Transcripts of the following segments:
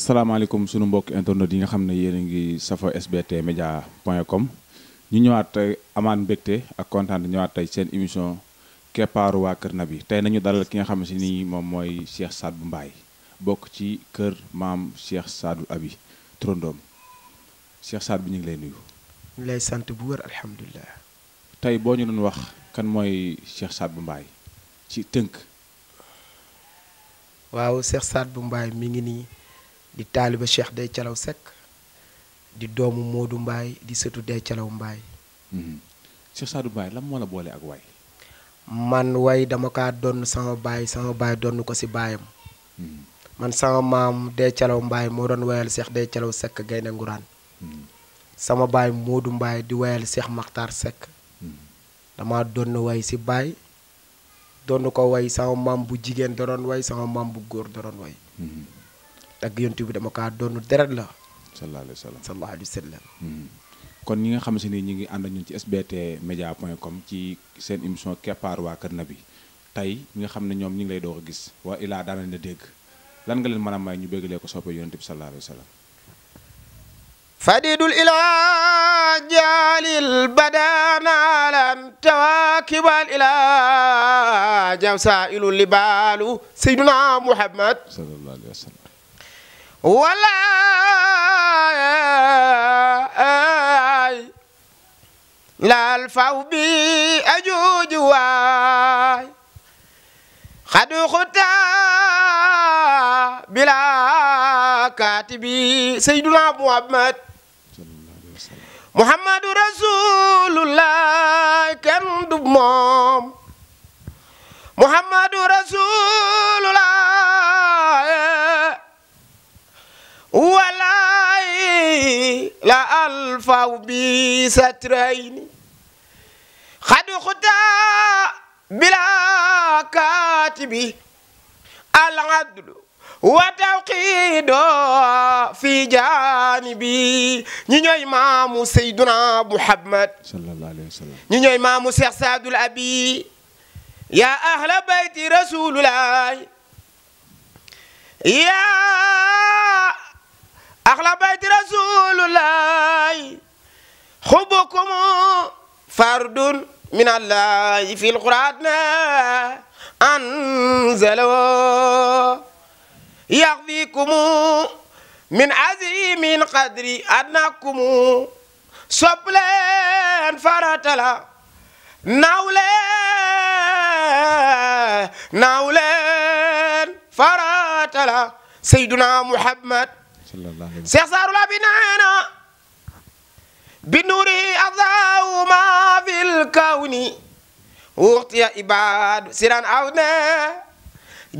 asalaamaaleykum sunu mbokk internet yi nga xam ne yéen a ngi safo sbt média point com ñu ñëwaat amaan mbégte ak kontaan ñëwaat tey seen émission keppaaru waa kër Nabi tey nañu dalal ki nga xam ne si nii moom mooy Cheikh bu mbaay bokk ci kër maam Cheikh Sadou Aby turandoom Cheikh bi ñu ngi lay nuyu. ñu lay sant bu wër alhamdulilah. tey boo ñu doon wax kan mooy Cheikh Sadbou mbaay ci tënk. waaw Cheikh Sadbou Mbaye mi ngi nii. di taaliba Cheikh day Calaw Seck di doomu Modou mbaay di sëtu Dey Calaw Mbaye mhm. Cheikh Sadou Mbaye lan moo la boole ak waay man waay dama kaa donn sama baay sama baay donn ko si baayam mhm. man sama maam Dey Calaw Mbaye moo doon wayal Cheikh Dey Calaw Seck gaynde nguraan mhm. sama baay Modou Mbaye di wayal Cheikh Makhtar Seck dama donn way si baay donn ko way sama maam bu jigéen da doon way sama maam bu góor da doon way ak yontu bi dama kaa doonu deret la. sallallahu alayhi wa sallam sallallahu alayhi wa sallam. Hmm. kon ñi nga xam si ni ñu ngi ànd ak ñun ci sbt media point com ci seen émission keppaaru waa Kër Nabi tey ñi nga xam ne ñoom ñu ngi lay doog a gis waa ilaa daan nañ la dégg lan nga leen mën a may ñu béggalee ko soppee yonent bi sallallahu alayhi wa sallam. fadidul ilaa jaalil badaanaalam tawaakibal ilaa jawsaa ilul libaalu sayyiduna Muhammad sallallahu alayhi wa sallam wala laal faw bi ajuuj waay bila kaatibi sayyiduna muhammad muhammadu rasulullah kenn du moom muhammadu rasulullah walaay la alfaw bi satrayni xad xuta bila kaatibi aladlu wa tawqido fi janibi ñi ñooy maamu Seyduna Muhammad sallallahu alayhi wa sallam ñi ñooy maamu Cheikh Sadul Abi ya ahla bayti rasulullahi ya axla bayti rasulullahi xubbukum fardun min allahi fi lquraan anzalo yaxfikum min azimin qadri adnakum sopleen faratala nawleen nawleen faratala sayduna muhammad seex saaru la bi neena bi nuuri azaawu ma fil kawni wuxtiya ibaadu siran aw ne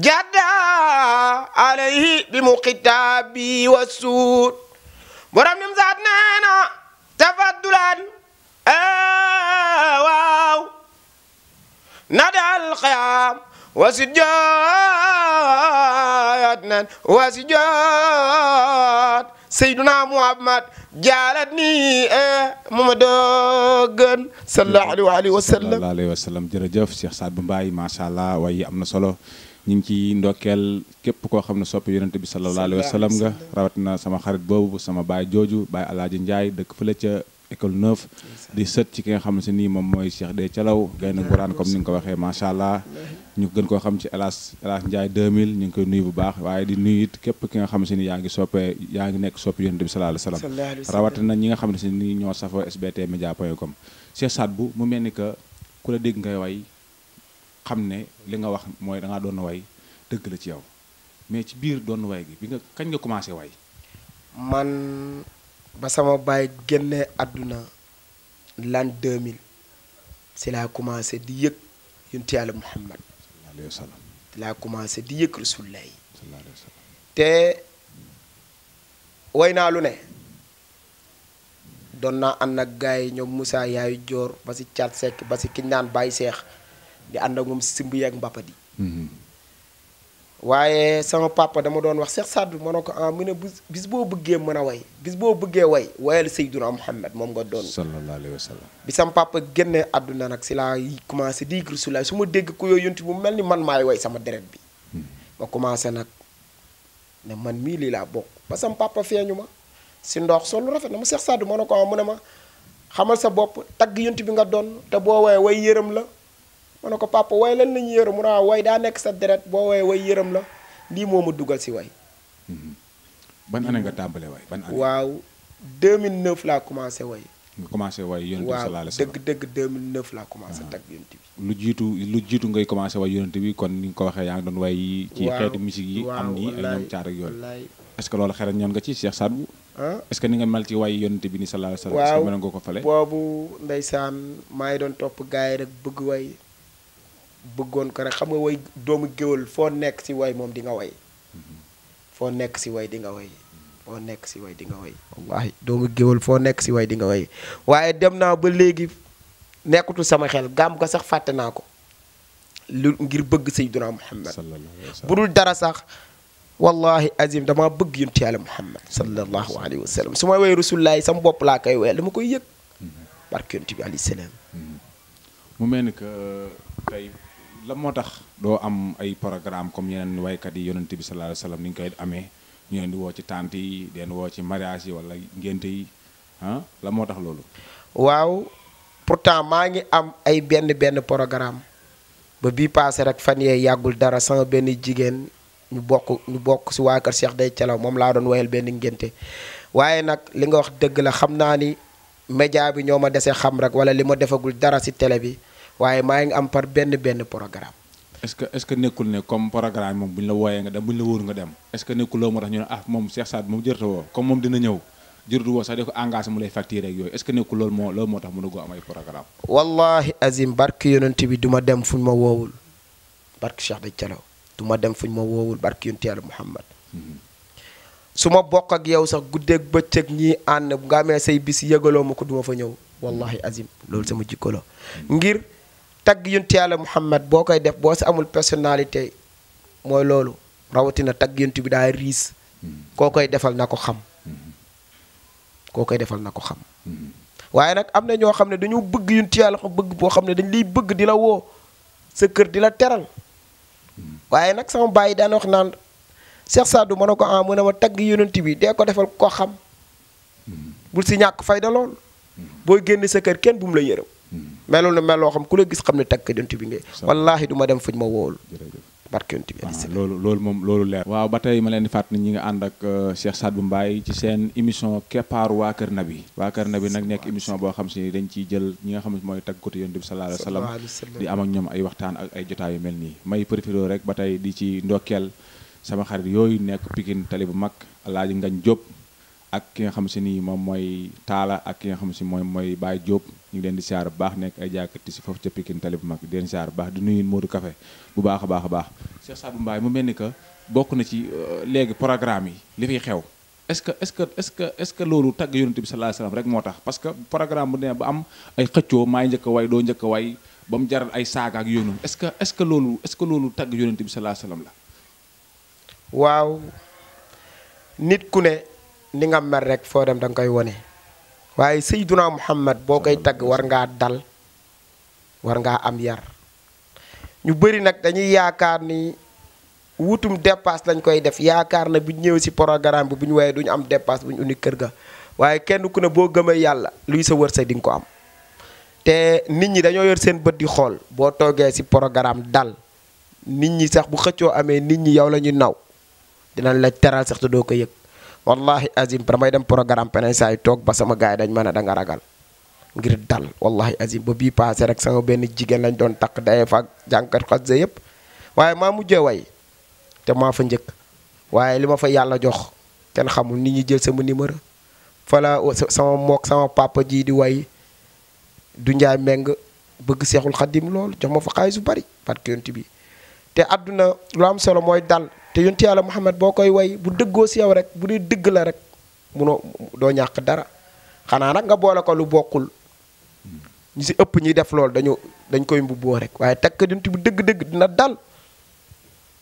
jadda alayhi bi mu xitaabi wa suut borom nim saat neena tafaddulan eh, waaw na daal xiyaam واسجد جاتنا واسجد سيدنا محمد جالتني محمد gën sallallahu alayhi wa sallam sallallahu alayhi wa sallam jërëjëf Cheikh Saad bu Mbaye macha allah waaye am na solo ñu ngi ci ndokkeel képp koo xam ne soppi yonente bi sallallahu alayhi wa sallam nga rawatina sama xarit boobu sama baay jooju baay alaaji Njaay dëkk fële ca école neuf di sët ci ki nga xam ne nii moom mooy Cheikh Deye Thialaw gaynde Nguraan comme ni nga ko waxee macha allah ñu gën koo xam ci Elas Elas Ndiaye 2000 ñu ngi koy nuyu bu baax waaye di nuyu it képp ki nga xam ne nii yaa yaa ngi nekk soppe yonent bi sallallahu wa sallam nga xam ne li nga wax mooy da doon way dëgg la ci yow mais ci biir doon way gi bi nga kañ nga commencé way man ba sama baay génnee àdduna l'an 2000 ci laa commencé di yëg yunti la Muhammad commencé di yëg rasulullah te way naa lu ne doon naa ànd ak gars ñoom musaa yaayu joor ba si Thiat Seck ba si kiñ naan Baye Seex di ànd ak moom simb yeeg mbappat yi mm-hmm. waaye sama papa dama doon wax Cheikh Saad Bou ma ne ko ah mu ne bis boo bëggee mën a way bis boo bëggee way wayal Seydina Muhammad moom nga doon. sallallahu alayhi wa sallam. bi sama papa génnee àdduna nag si laa commencé di Rasulullah su ma dégg ku yooyu yonti bu mel ni man maay way sama deret bi. Hmm. ma commencé nag ne mii lii laa bokk ba sama papa feeñu ma si ndox sol lu rafet na ma Cheikh ma ne ko ah mu ne ma xamal sa bopp tagg yonti bi nga doon te boo waye way yërëm la. ma ne ko papa way lan la ñu yërëm mu naa ah, way daa nekk sa deret boo woyee way yërëm la lii moo ma dugal si way mhm. ban année nga tàmbale way ban année waaw 2009 laa commencé way nga commencé way yonent bi sallallahu alayhi wasallam waaw dëgg dëgg 2009 laa commencé ah. lu jiitu lu jiitu ngay commencé way yonent bi kon ni nga ko waxee yaa ngi doon way ci xeetu musique yi am nii ay ñoom caar ak yoon est-ce que loolu xeran ñoon nga ci seex Sadbou est-ce ni nga mel ci way yonent bi ni sallallahu alayhi wasallam mën nga ko fale boobu ndeysaan maa ngi doon topp gaay rek bëgg way bëggoon ko rek xam nga way doomu géwël foo nekk si way moom di nga way mm-hmm. foo nekk si way di nga way foo nekk si way di nga way wallaahi doomu géwël foo nekk si way di nga way waaye dem naa ba léegi nekkutu sama xel gàmm ko sax fàtte naa ko lu ngir bëgg Seydina Muhammad bu dul dara sax wallahi azim dama bëgg yunti yàlla Muhammad sallallahu alayhi wa sallam su may way rasulullahi sama bopp laa koy wéyal dama koy yëg mm-hmm. barke yunti bi alayhi salaam mm-hmm. mu mel ni que euh, tey la moo tax doo am ay programme comme yeneen waykat yi yonent bi sallallahu alayhi wasallam ni ñu koy amee ñu di woo ci tante yi di woo ci mariage wala ngénte yi ah la moo tax loolu. waaw pourtant maa ngi am ay benn benn programme ba bii paase rek fan yee yàggul dara sama benn jigéen ñu bokk ñu bokk si waa kër Cheikh Day moom laa doon woyal benn ngénte waaye nag li nga wax dëgg la xam naa ni média bi ñoo ma desee xam rek wala li ma defagul dara si télé bi. waaye maa ngi am par benn benn programme. est-ce que nekkul ne comme programme moom bu ñu la wooyee nga dem bu ñu la wóor nga dem est-ce que nekkul loo moo tax ñu ne ah moom Cheikh Saad moom jërëta woo comme moom dina ñëw jërëtu woo sax di ko engagé mu lay facturé ak yooyu est-ce que nekkul loolu moo loolu moo tax mënagoo am ay wallahi azim barke yonent bi du ma dem fuñ ma woowul barke Cheikh da Calaw du ma woowul barke yonent yàlla Muhammad mhm. su ma bokk ak yow sax guddeeg bëccëg ñii ànd nga amee say bis yëgaloo ma ko du fa ñëw wallahi azim loolu sama jikko mhm. ngir tagg yonent yàlla Muhammad boo koy def boo si amul personnalité mooy loolu rawatina tag yonent bi daay riis mm-hmm. koo koy defal na ko xam mm-hmm. koo koy defal na ko xam mm-hmm. waaye nag am na ñoo xam ne dañoo bëgg yonent yàlla xam bëgg boo xam ne dañ liy bëgg di la woo sa kër di la teral waaye nag sama bàyyi daan wax naan Cheikh Sadou ma ne ko ah mu ne ma tagg yonent bi dee ko defal ko xam bul si ñàkk fayda lool booy génn sa kër kenn bu mu la yërëm melul na mel loo xam ku la gis xam ne takk yonent bi ngay wallaahi du ma dem fuñ ma woolu barke yonent ah, loolu loolu moom loolu leer waaw ba tey ma leen di fàttali ñi nga ànd ak euh, Cheikh Sadibou Mbaye ci seen émission keppaaru waa Kër bi waa na bi nag nekk émission boo xam si dañ ciy jël ñi nga xam ne mooy tagg côté yonent bi sallallahu alayhi wa sallam di am waxtaan ak ay yu mel nii may profité rek ba tey di ci sama xarit yooyu nekk Pikine tali bu mag Alaaji Ngañ Jóob ak ki nga xam si nii moom mooy Taala ak ki nga xam si mooy mooy Baay Jóob ñu leen di siyaar bu baax nekk ay jaakati si foofu ca Pikine tali bu mag di leen siyaar bu baax di nuyu Modou Café bu baax a baax a baax Cheikh Sadou Mbaye mu mel ni que bokk na ci euh, léegi programme yi li fiy xew est-ce que est-ce que est-ce que est-ce que loolu tagg yonent bi sallallahu alayhi wasallam rek que programme bu ne ba am ay xëccoo njëkk a doo njëkk way ba mu jaral ay saaga ak yoonu est-ce que est-ce que loolu est-ce que loolu tagg yonent bi la waaw nit ku ne ni nga mer rek foo dem danga koy wone waaye sayduna muhammad boo koy tagg war ngaa dal war ngaa am yar ñu bëri nag dañuy yaakaar ni wutum dépasse lañ koy def yaakaar na bu ñëw si programme bi bu ñu waaye du ñu am dépasse bu ñu indi kër ga waaye kenn ku ne boo gëmee yàlla luy sa wërsëg di nga ko am te nit ñi dañoo yor seen bët di xool boo toogee si programme dal nit ñi sax bu xëccoo amee nit ñi yow lañuy naw dinañ la teral sax doo ko yëg wallahi azim damay dem programme penen saa yi toog ba sama gars yi dañ mën a da nga ragal ngir dal wallahi azim ba bii passé rek sama benn jigéen lañ doon takk dayee faak jànkat xasida yëpp waaye maa mujjee way te fa njëkk waaye li ma fa yàlla jox kenn xamul nit ñi jël sama numéro fala sama mook sama papa ji di way du njaay meng bëgg seexul xadim loolu jox ma fa xaalis bu bari parce que yonent bi te àdduna lu am solo mooy dal te yonti yàlla Muhammad boo koy way bu dëggoo si yow rek bu dee dëgg la rek munoo doo ñàkk dara xanaa nag nga boole ko lu bokkul ñu si ëpp ñuy def loolu dañu dañ koy mbubboo rek waaye takk yonent bu dëgg-dëgg dina dal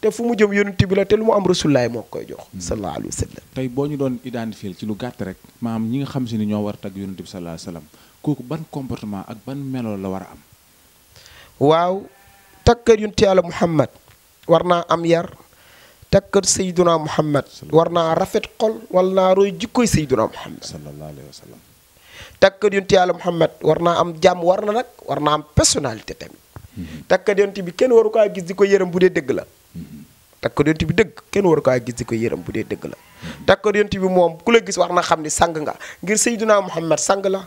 te fu mu jëm yonent bi la te lu mu am rasulaay moo koy jox hmm. sallallahu alayhi tey boo ñu doon identifier ci lu gàtt rek maam ñi nga xam si ni ñoo war tagg yonent bi sallallahu alayhi wa kooku ban comportement ak ban melo la war a am waaw takk yonent yàlla Muhammad war naa am yar takkat sayduna muhammad war naa rafet xol naa roy jikkoy sayduna muhammad sallallahu alayhi wa sallam takkat yonti yàlla muhammad war naa am jàmm war na nag war naa am personnalité tamit mhm. takkat yonti bi kenn waru kaa gis di ko yërëm bu dee dëgg la mhm. takkat yonti bi dëgg kenn waru kaa gis di ko yërëm bu dee dëgg la mhm. takkat yonti bi moom ku la gis war na xam ni sang nga ngir sayduna muhammad sang la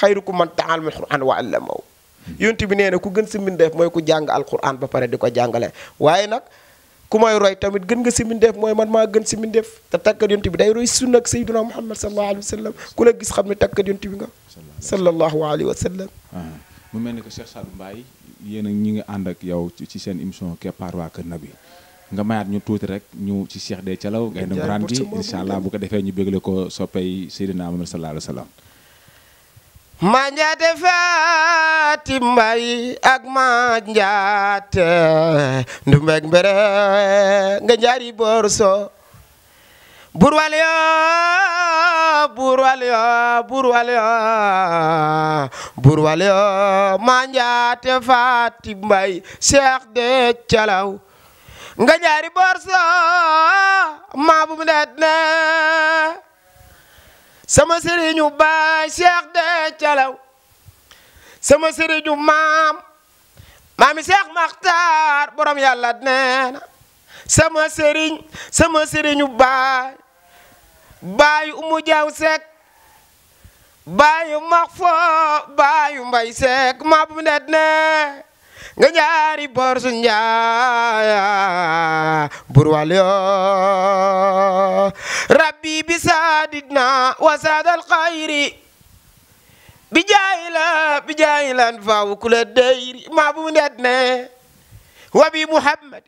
xayrukum man ta'allama al-qur'aan wa 'allamahu yonti bi nee na ku gën si mbindeef mooy ku jàng alquran ba pare di ko jàngale waaye nag ku may roy tamit gën nga si mindeef mooy man maa gën si mindeef te takkat yonent bi day roy sunna ak sayyiduna Muhammad sallallahu alayhi wa sallam ku gis xam ne takkat yonent bi nga sallallahu alayhi wa sallam mu mel ni que Cheikh Sadou Mbaye yéen a ñi ngi ànd ak yow ci seen émission Keppaar Waa Kër Nabi nga mayaat ñu tuuti rek ñu ci Cheikh de Calaw ngay dem ne gi allah bu ko defee ñu bégle ko soppay Seydina Muhammad la alayhi wa sallam ma njaate faati mbay ak ma njaate ndumbek mbere nga njaari borso bur yoo bur yoo bur yoo bur wal yoo ma njaate faati mbay de calaw nga njaari borso ma bum det ne sama sëriñu baay Cheikh de Calaw sama sëriñu maam maami Cheikh Makhtar borom yàlla nee na sama sëriñ sama sëriñu baay baayu umu jaaw Seck baayu Maxfo baayu Mbay Seck maa bu ne nee nga ñaari bor njaaya bur yoo rabbi bi saadidna wa saadal xayri bi jaayila bi jaayilan faaw kula deyri maa bu net ne wa bi muhammad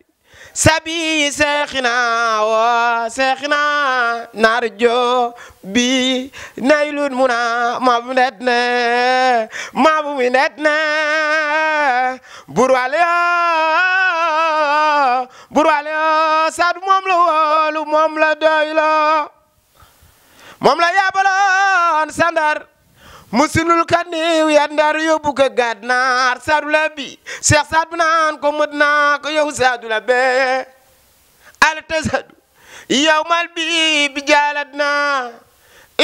sabi seexina wa seexina narjo bi naylun muna mabu net ne mabu mi net ne burwale yo burwale yo moom la woolu moom la doylo moom la yabaloon sandar musulul ka néew ya ndar yóbbu ko gànnaar saadu la bi seex saadu naan ko mët naa ko yow saadu bee ala tasadu yow mal bi bi jaalat naa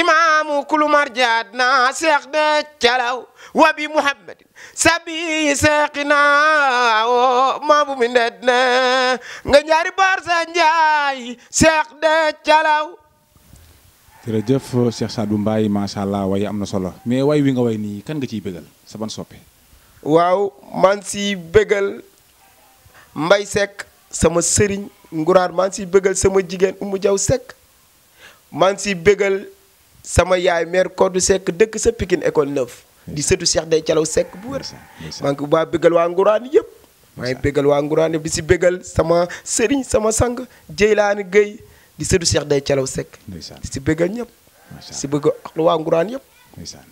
imaamu kulumar jaat naa seex de calaw wa bi muhammad sabi seexinaa woo maamu mi ndet ne nga ñaari barsa njaay seex de calaw jërëjëf Cheikh Sadou mbaay macha allah waaye am na solo mais way wi nga way nii kan nga ciy bégal sa ban soppe waaw man si bégal Mbay Seck sama sëriñ nguraar man si bëggal sama jigéen Umu Jaw Seck man si bégal sama yaay mère Kodou sekk dëkk sa pikin école neuf di sëtu Cheikh Day Calaw sekk bu wér maa ngi baa bégal waa nguraan yëpp maa ngi waa nguraan yëpp di si bégal sama sëriñ sama sang Jeylaani Gueye di sëdu Cheikh Day Calaw Seck. si bëggal ñëpp. si bëgg ak waa Nguraan yëpp. ndeysaan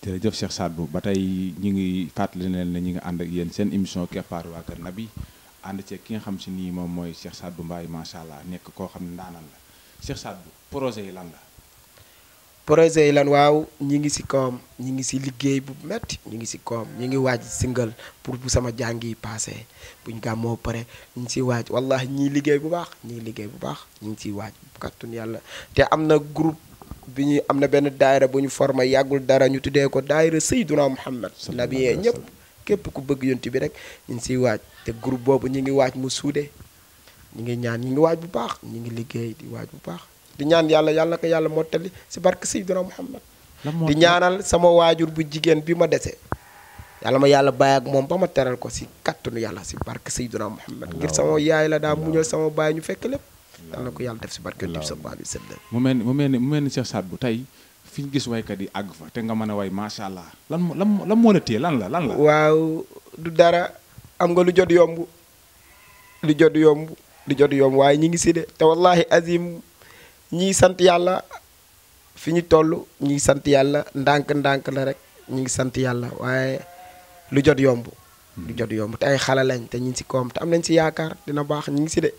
jërëjëf Cheikh Sadbou ba tey ñu ngi fàttali leen ne ñu ngi ànd ak yéen seen émission keppaaru waa Kër Nabi ànd ceeg ki nga xam si nii moom mooy Cheikh Sadbou Mbaye macha allah nekk koo xam ne ndaanaan la Cheikh Sadbou projet yi lan la. projet yi lan waaw ñi ngi si kawam ñi ngi si liggéey bu metti ñi ngi si kawam ñi ngi waaj single pour bu sama jàng yi passé buñ gàmmoo pare ñu ngi siy waaj wallahi ñii liggéey bu baax ñii liggéey bu baax ñi ngi siy waaj kattun yàlla te am na groupe bi ñu am na benn daayira bu ñu formé yàggul dara ñu tuddee ko daayira Seyduna Muhammad nabiyee ñëpp képp ku bëgg yonti bi rek ñu ngi siy waaj te group boobu ñi ngi waaj mu suude ñi ngi ñaan ñi ngi bu baax ñi ngi liggéey waaj bu baax di ñaan yàlla yàlla ko yàlla moo mottali si barke Seydina Muhammad di ñaanal sama waajur bu jigéen bi ma desee yàlla ma yàlla bàyyi ak moom ba ma teral ko si kàttanu yàlla si barke Seydina Muhammad ngir sama yaay la daa muñal sama baay ñu fekk lépp yàlla yàlla def si barke dib sa mu mel ni mu mel ni mu mel ni Cheikh Saad Bou tey fi gis waykat yi àgg fa te nga mën a way macha allah lan lan lan moo la téye lan la lan la waaw du dara am nga lu jot yomb lu jot yomb lu jot yomb waaye ñi ñii sant yàlla fi ñu toll ñu ngi sant yàlla ndànk-ndànk la rek ñu ngi sant yàlla waaye lu jot yomb. lu jot yomb te ay xalalañ lañ te ñu ngi si koom te am nañ si yaakaar dina baax ñu ngi si de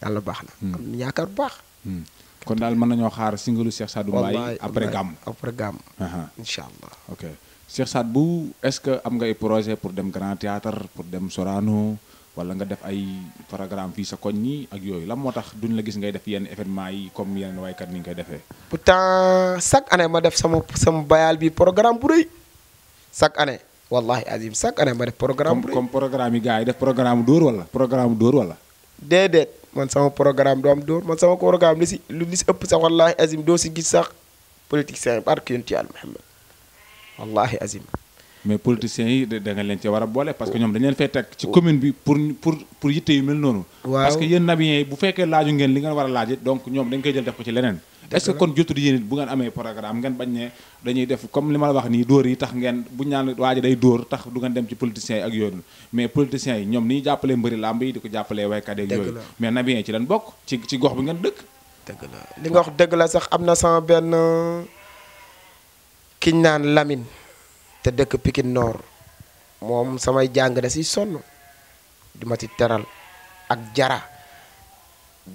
yàlla baax na. Hmm. am yaakaar bu baax. Hmm. kon daal mën nañoo xaar singalu Cheikh Sadou Mbaye après gàmm après gàmm. Uh-huh. incha allah ok Cheikh bu est-ce que am ngay projet pour dem Grand Théâtre pour dem Sorano. wala nga def ay programme fii sa koñ ñi ak yooyu lan moo tax duñ la gis ngay def yenn événement yi comme yeneen kat ni nga koy defee. pourtant chaque année ma def sama sama bayal bi programme bu rëy chaque année wallahi azim chaque année ma def programme bu rëy comme programme yi gars yi def programme dóor wala programme dóor wala. déedéet man sama programme du dóor man sama programme si lu li si ëpp sax wallahi azim doo si gis sax politique seen yi barke yonent Yàlla Muhammad wallahi azim. mais politiciens yi da nga leen ci war a boole parce que ñoom dañ leen fay teg ci commune bi pour pour pour mel noonu. parce que yéen nabiyen yi bu fekkee laaju ngeen li ngeen war a laaj donc ñoom dañ koy jël def ko ci leneen. est-ce que kon jotul yéen it bu ngeen ne dañuy def comme li ma la wax nii dóor yi tax ngeen bu ñaan waa ji day dóor tax du ngeen dem ci politiciens yi ak yooyu mais politiciens yi ñoom ni jàppalee mbëri làmb yi di ko jàppalee waykat yi ak yooyu mais nabiyen yi ci la sax am na sama benn kiñ naan Lamine te dëkk pikin noor moom samay jàng da si sonn di ma ci teral ak jara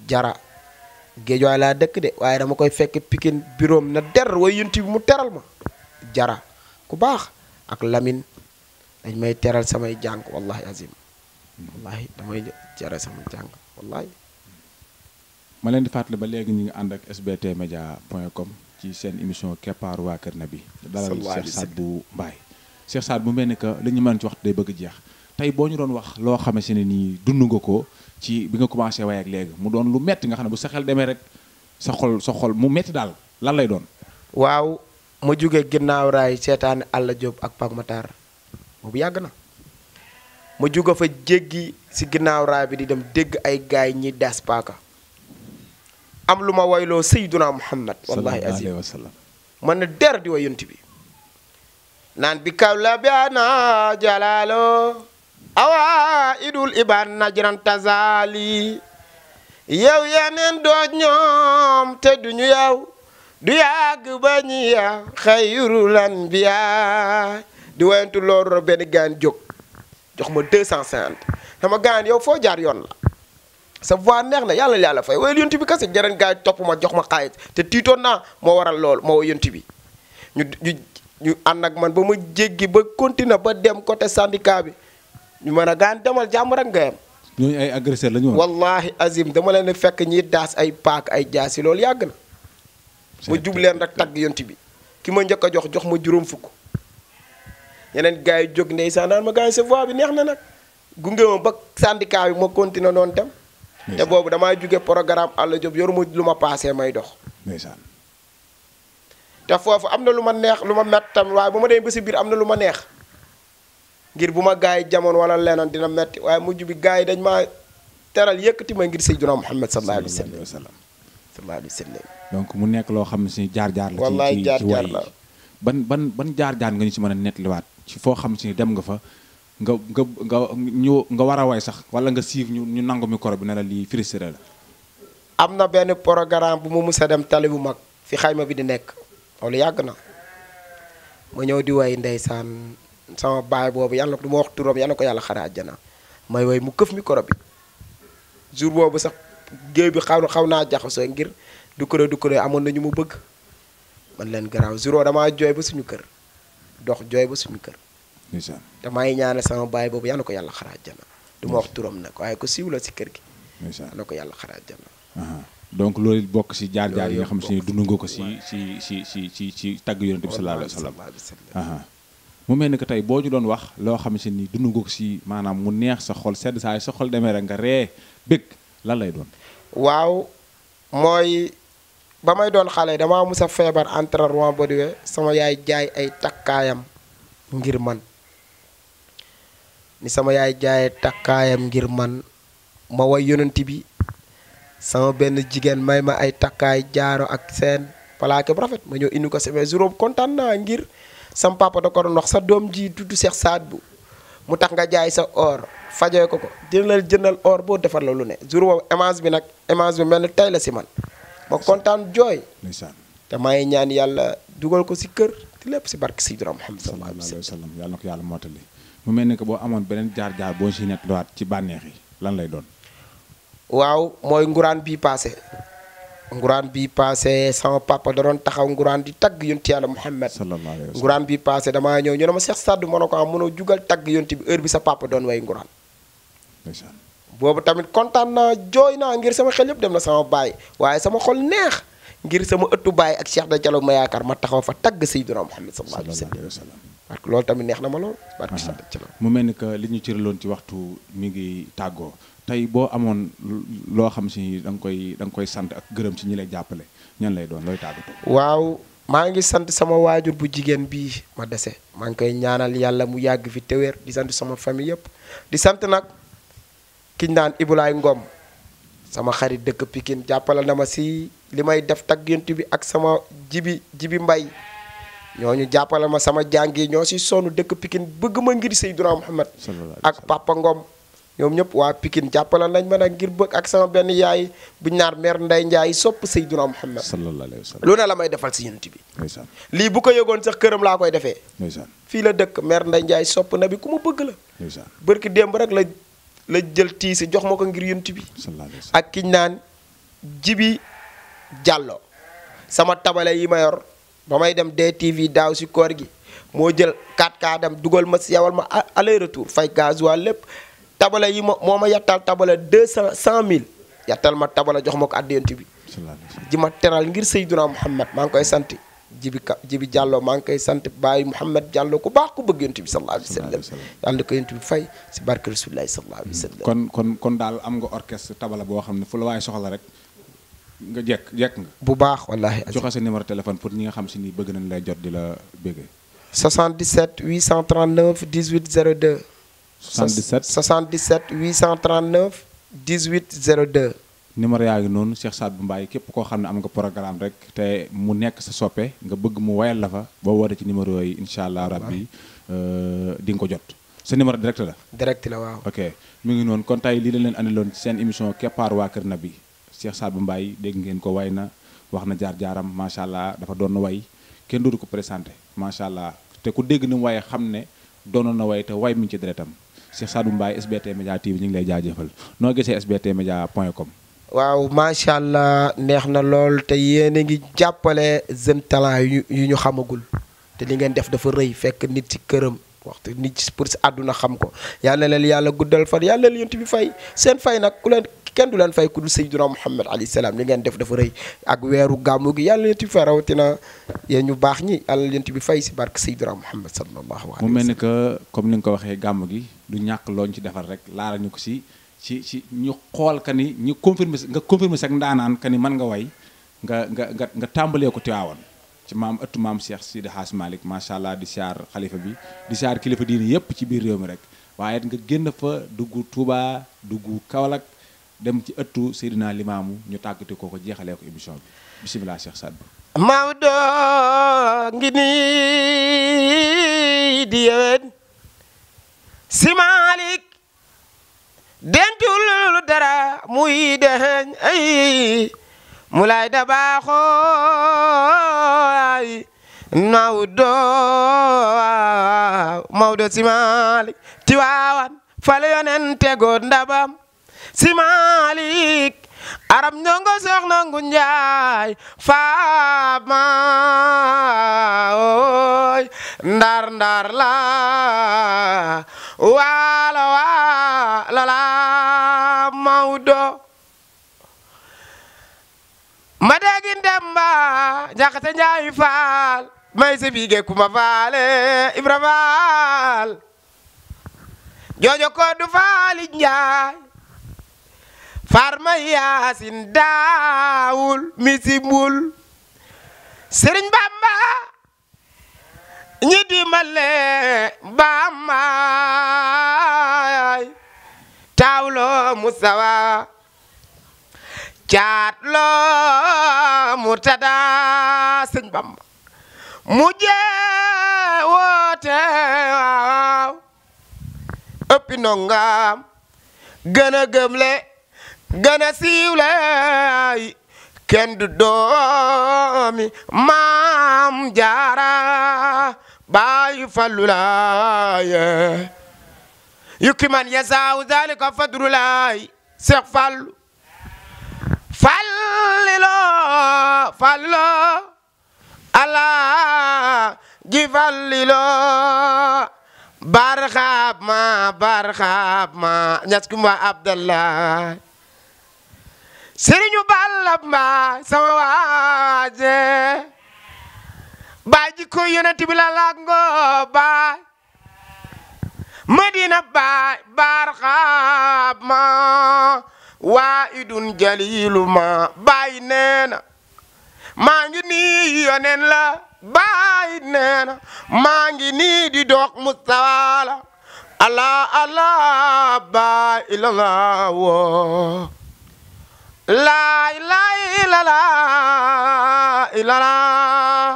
jara géejuwaay laa dëkk de waaye dama koy fekk pikin biroom na der way yunti bi mu teral ma jara ku baax ak Lamine dañ may teral samay jàng wallahi azim wallahi damay jara sama jàng wallahi ma leen di fàttali ba léegi ñu ngi ànd ak sbtmedia point com ci seen émission keppaaru waa Kër na bi dalal Cheikh Saad bu Mbaye Cheikh Saad bu mel ni que li ñu mën ci wax day bëgg jeex tey boo ñu doon wax loo xamante si ne nii dund nga ko ci bi nga commencé waaye ak léegi mu doon lu metti nga xam ne bu sa xel demee rek sa xol sa xol mu metti daal lan lay doon waaw ma jóge ginnaaw raay seetaani Alla Diop ak ma taar moom yàgg na ma jóge fa jéggi si ginnaaw raay bi di dem dégg ay gaay ñi das paaka am lu ma wayloo sayyiduna muhammad wallahi azim man der di way yonti bi naan bi kaw la bi ana jalaalo awa idul iban najran tazali yow yeneen doo ñoom te duñu yow du yàgg ba ñu ya xayrul anbiya di wayantu loolu benn gaan jóg jox ma 250 sama gaan yow foo jaar yoon la sa voix neex na yàlla yàlla fay wayal yontu bi kese jareen gars topp ma jox ma xaalis te tiitoon naa moo waral loolu moo way yontu bi ñu ñu ñu ànd ak man ba ma jéggi ba continuer ba dem côté syndicat bi ñu mën a gaan demal jàmm rek nga yem. ñooñu ay agresseur la ñu woon. wallaahi dama leen fekk ñiy daas ay paak ay jaasi loolu yàgg na. ma jub leen rek tagg yontu bi ki ma njëkk a jox jox ma juróom fukk yeneen gars yi jóg ndeysaan naan ma gars yi bi neex na nag gunge ba syndicat bi ma continuer noonu dem. te boobu damaa jóge programme Alla Diop yoru mu lu ma paasee may dox. ndeysaan. te foofu am na lu ma neex lu ma mett tamit waaye bu ma dee ba si biir am na lu ma neex ngir bu ma gaay jamono wala leneen dina metti waaye mujj bi gaay dañ ma teral yëkkati ma ngir Seydina Muhammad sallallahu alayhi wa sallam sallallahu alayhi wa sallam donc mu nekk loo xam si jaar-jaar la jaar-jaar la ban ban ban jaar-jaar nga ñu ci mën a nettaliwaat ci foo xam si dem nga fa nga nga nga nga war a way sax wala nga siiw ñu ñu nangu micro bi ne la lii frustré la. am na benn programme bu ma mus a dem tali bu mag fi xayma bi di nekk loolu yàgg na ma ñëw di woy ndeysaan sama baay boobu yàlla du ma wax turam yàlla ko yàlla xaraaj na may woy mu këf micro bi jour boobu sax géew bi xaw xaw naa jaxasoo ngir du kure du kure amoon nañu mu bëgg man leen garaaw jour damaa jooy ba suñu kër dox jooy ba suñu kër. te maa ngi ñaanal sama baay boobu yal ko yàlla xaraaj jana du ma wax turam nag waaye ko siiw la si kër gi yal ko yàlla xaraaj jana donc loolu bokk si jaar-jaar yi nga xam si ne dund nga ko si si si si si si tagg yonent bi sallallahu alayhi wa sallam mu mel ni que tey boo ñu doon wax loo xam ni dund nga ko si maanaam mu neex sa xol sedd saa sa xol demee rek nga ree bëgg lan lay doon waaw mooy ba may doon xale damaa mus a feebar entre Rouen Bodiwe sama yaay jaay ay takkaayam ngir man ni sama yaay jaaye takkaayam ngir man ma way yonent bi sama benn jigéen may ma ay takkaay jaaro ak seen plaqué bu rafet ma ñëw indi ko sama juróom kontaan naa ngir sam papa da ko doon wax sa doom ji tudd Seex saat bu mu tax nga jaay sa or fajee ko ko dina la jëndal or boo defar la lu ne jour boobu bi nag image bi mel ni tey la si man ma kontaan jooy te maa ngi ñaan yàlla dugal ko si kër di lépp si barke Seydina Muhammad sallallahu alayhi wa sallam yàlla na ko yàlla mottali mu mel ni que boo amoon beneen jaar-jaar boo si nettaliwaat ci bànneex yi lan lay doon. waaw mooy nguraan bii paase. nguraan bii paase sama papa da doon taxaw nguraan di tagg yonti yàlla Muhammad. sallallahu alayhi wa sallam nguraan bii paase damaa ñëw ñu ne ma Cheikh Sadou ma ne ko ah mënoo jugal tagg yonti bi heure bi sa papa doon way nguraan. boobu tamit kontaan naa jooy naa ngir sama xel yëpp dem na sama baay waaye sama xol neex ngir sama ëttu baay ak Cheikh da Diallo ma yaakaar ma taxaw fa tagg Seydina Muhammad sallallahu alayhi wa parce loolu tamit neex na ma lool. parce mu mel ni que li ñu cëraloon ci waxtu mi ngi tàggoo tey boo amoon loo xam si danga koy da koy sant ak gërëm ci ñi lay jàppale ñan lay doon looy tàggatoo. waaw maa ngi sant sama waajur bu jigéen bii ma dese maa ngi koy ñaanal yàlla mu yàgg fi téwéer di sant sama famille yëpp di sant nag kiñ daan Ibulaay Ngom sama xarit dëkk Pikine jàppale na ma si li may def tag yontu bi ak sama jibi jibi mbay. ñoo ñu jàppale ma sama jàngi ñoo si sonn dëkk Pikine bëgg ma ngir Seydina Muhammad ak Papa ngoom ñoom ñëpp waa Pikine jàppale nañ man nag ngir bëgg ak sama benn yaay bu ñu naan mère Ndeye sopp Seydina Muhammad sallallahu alayhi wa sallam lu ne la may defal si yonent bi lii bu ko yëgoon sax këram laa koy defee fii la dëkk mer Ndeye Ndiaye sopp na bi ku ma bëgg la bërki démb rek la la jël tiisi jox ma ko ngir yonent bi ak kiñ naan jibi jàlloo sama tabale yi ma yor ba may dem DTV daaw si koor gi moo jël 4K dem dugal ma si yawal ma aller retour fay gasoil lépp tabala yi ma moo ma yattal tabala deux cent cent mille yattal ma tabala jox ma ko àddiyant bi ji ma teral ngir Seydina Muhammad maa ngi koy sant jibi ka jibi jàlloo maa ngi koy sant Baye Mouhamed Diallo ku baax ku bëgg yonent bi sallallahu alayhi wa sallam yàlla na ko yonent bi fay si barke Rasulullahi sallallahu alayhi wa sallam kon kon kon daal am nga orchestre tabala boo xam ne fu la waaye soxla rek nga jekk jekk nga. bu baax wallaahi. joxe sa numéro téléphone pour ñi nga xam si ni bëgg nañ lay jot di la bëggee. 77 839 18 02. 77 77 839 18 02. numéro yaa ngi noonu Cheikh Saad bu Mbaye képp koo xam ne am nga programme rek te mu nekk sa soppe nga bëgg mu wayal la fa boo wootee ci numéro yooyu incha allah rabbi euh, di nga ko jot. sa numéro direct la. direct la waaw. ok mi ngi noon kon tey lii la leen andiloon seen émission keppaaru waa Kër bi Cheikh Sadou Mbaye dégg ngeen ko way na wax na jaar-jaaram macha allah dafa doon na way kenn dootu ko présenté macha allah te ku dégg na mu waaye xam ne doonoon na way te way mi ngi ci deretam Cheikh Sadou Mbaye SBT Média TV ñu ngi lay jaajëfal noo gisee SBT Média point com. waaw macha allah neex na lool te yéen a ngi jàppale jeune talent yu ñu xamagul te li ngeen def dafa rëy fekk nit ci këram waxtu nit ci pour si àdduna xam ko yàlla leen yàlla guddal fan yàlla leen yonent bi fay seen fay nag ku leen kenn du leen fay ku dul Seydina Muhammad alayhi salaam li ngeen def dafa rëy ak weeru gàmmu gi yàlla yent bi fay rawatina yéen ñu baax ñi yàlla yent bi fay si barke Seydina Muhammad sallallahu alayhi mu mel ni que comme ni nga ko waxee gàmmu gi du ñàkk looñ ci defar rek laara ñu ko si ci ci ñu xool ka ni ñu confirmer nga confirmer sax ndaanaan ka ni man nga way nga nga nga nga tàmbalee ko Tiwaawan ci maam ëttu maam Cheikh Sidi Haas Malick macha allah di siyaar xalifa bi di kilifa diine yépp ci biir réew mi rek waaye nga génn fa dugg dem ci ëttu Seydina Limaamu ñu tàggati ko ko jeexalee ko émission bi bisimilah Cheikh Saad Bou Maodo nii di yeween si Malick dencul dara muy deeñ ay mu lay da baaxooy Maodo Maodo si Malick ci waawan fale yonen tegoon ndabam si Malick aram ñongo soxna ngu njaay faama ooy ndar ndar la waalo waalo la mawdo ma dégin demba jaxate njaay faal may se biige kuma faale ibra faal joojo ko du faali Farma Yaasin daawul misibul Sëriñ Bamba ñi dimbale Bambaay taawloo Musawa caatloo Murtada Sëriñ Bamba mu jee woote waaw ëppi ndongaam gën a gëmle gën a lay kenn du doomi maam jaara baayu fallu lay yukki man yasaaw zalika fadru lay seex fallu fallilo fallilo alaa ji fallilo barxaab ma barxaab ma ñas kumba abdallah sëriñu Balla Mbaay sama waaje baay jikko yonent bi la laak ngoo baay madina baay barxaab ma waa idun jaliilu ma baay neena maa ngi nii yonen la baay neena maa ngi nii di dox mustawaala allah allah baay ilallah woo laa ilaaha illallaah illallaah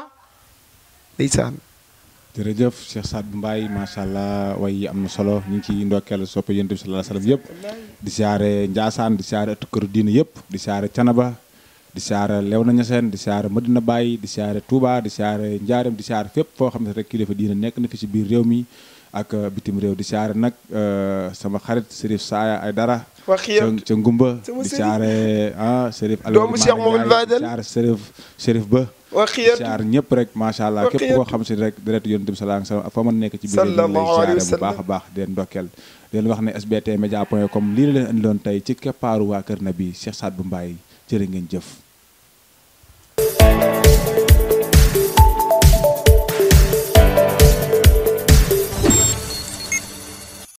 ndeysaan jërëjëf Cheikh Saad bu Mbaye macha allah way am na solo ñu ngi ciy ndokkeel soppe yonent bi sallallahu alayhi wa yëpp di siyaare Njaasaan di siyaare ëttu këru diine yëpp di siyaare Canaba di siyaare na Niassène di siyaare Medina Baye di siyaare Touba di siyaare Njaareem di siyaare fépp foo xam ne rek kilifa diine nekk na fi si biir réew mi ak euh, bitim réew di siyaare nag euh, sama xarit Serif Saaya ay dara. ca Ngumba di siyaare ah Serif. doomu Cheikh Mouhamed Ba. waxiyatu siyaar ñëpp rek macha allah képp koo xam si rek deretu yonent bi salaam salaam fa nekk ci biir lay bu baax a baax di leen ndokkeel di wax ne sbt média point com lii la leen indiloon tey ci keppaaru waa Kër Nabi Cheikh Saad bu Mbaye jërë ngeen jëf